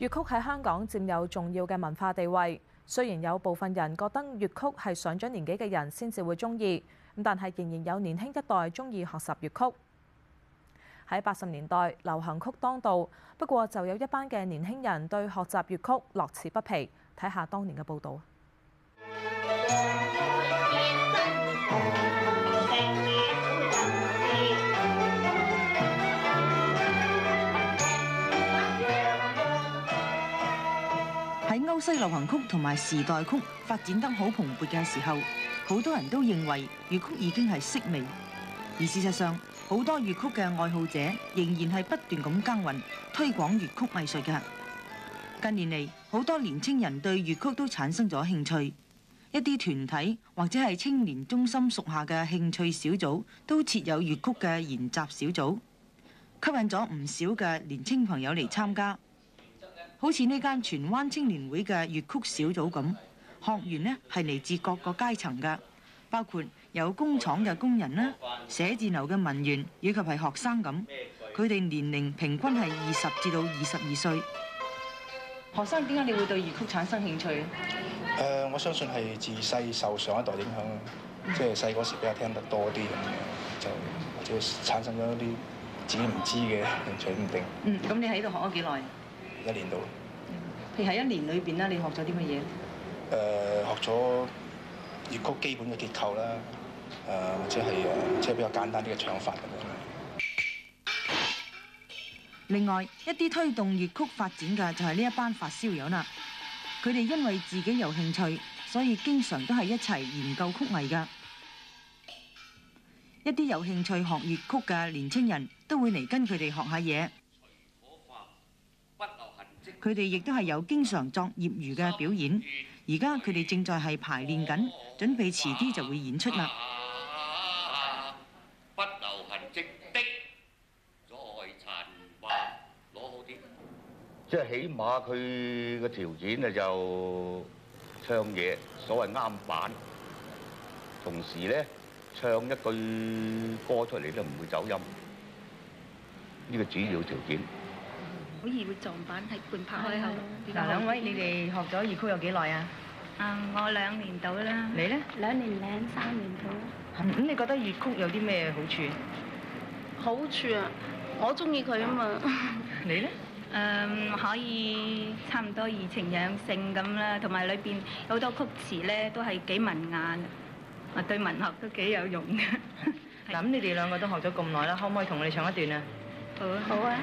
粵曲喺香港佔有重要嘅文化地位，雖然有部分人覺得粵曲係上咗年紀嘅人先至會鍾意，咁但係仍然有年輕一代鍾意學習粵曲。喺八十年代，流行曲當道，不過就有一班嘅年輕人對學習粵曲樂此不疲。睇下當年嘅報導。喺歐西流行曲同埋時代曲發展得好蓬勃嘅時候，好多人都認為粵曲已經係式微。而事實上，好多粵曲嘅愛好者仍然係不斷咁耕耘、推廣粵曲藝術嘅。近年嚟，好多年青人對粵曲都產生咗興趣，一啲團體或者係青年中心屬下嘅興趣小組都設有粵曲嘅研習小組，吸引咗唔少嘅年青朋友嚟參加。好似呢間荃灣青年會嘅粵曲小組咁，學員呢係嚟自各個階層嘅，包括有工廠嘅工人啦、寫字樓嘅文員以及係學生咁。佢哋年齡平均係二十至到二十二歲。學生點解你會對粵曲產生興趣？誒，我相信係自細受上一代影響嘅，即係細嗰時比較聽得多啲咁樣，就或者產生咗一啲自己唔知嘅興趣唔定。嗯，咁你喺度學咗幾耐？一年度，譬如喺一年裏邊啦，你學咗啲乜嘢咧？學咗粵曲基本嘅結構啦，或者係即係比較簡單啲嘅唱法咁樣。另外，一啲推動粵曲發展嘅就係呢一班發燒友啦。佢哋因為自己有興趣，所以經常都係一齊研究曲藝噶。一啲有興趣學粵曲嘅年輕人都會嚟跟佢哋學下嘢。佢哋亦都係有經常作業餘嘅表演，而家佢哋正在係排練緊，準備遲啲就會演出啦。即係起碼佢個條件啊，就唱嘢所謂啱板，同時咧唱一句歌出嚟都唔會走音，呢個主要條件。好易會撞板，係半拍開口。嗱，兩位你哋學咗粵曲有幾耐啊？啊，我兩年到啦。你咧？兩年零三年到。咁你覺得粵曲有啲咩好處？好處啊！我中意佢啊嘛。你咧？誒，可以差唔多怡情養性咁啦，同埋裏邊好多曲詞咧都係幾文雅，啊對文學都幾有用嘅。嗱，咁你哋兩個都學咗咁耐啦，可唔可以同我哋唱一段啊？好啊！好啊！